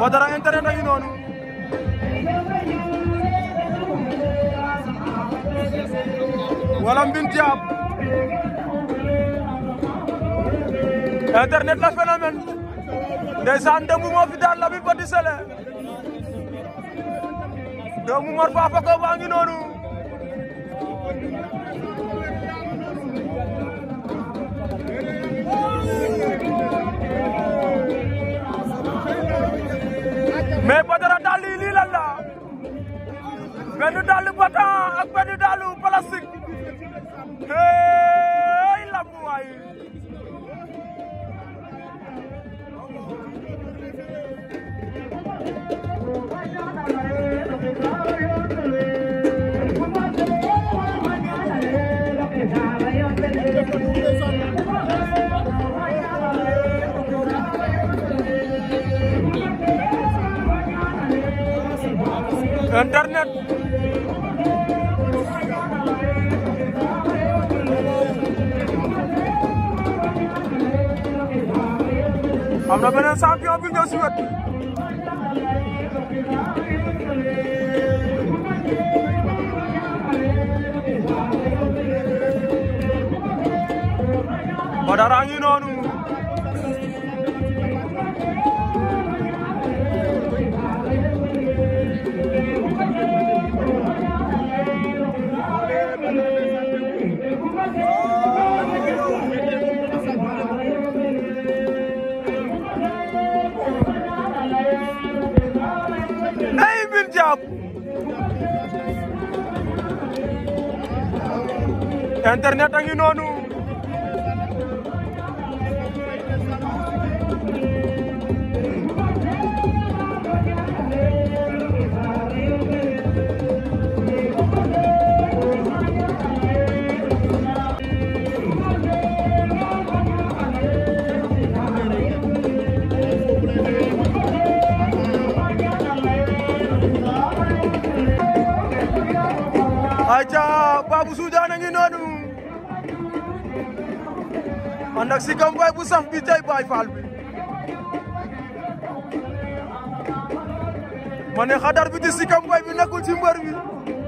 Badara internet a ngi noonu wala Mbine Thiam internet la phénomène ndeysaan démb moo fi daan Lamine Petit Sélé doomu Mor Faa Fako baa ngi noonu benn dàllu batan ak benn dàllu internet am na beneen champion bi ñëw wet Badara ngi noonu Ngaabu internet a ngi noonu aca Babou Soudane a ngi noonu ànd ak bu saf bi Baay Faal bi ma ne xadar bi di si bi nekkul ci mbër bi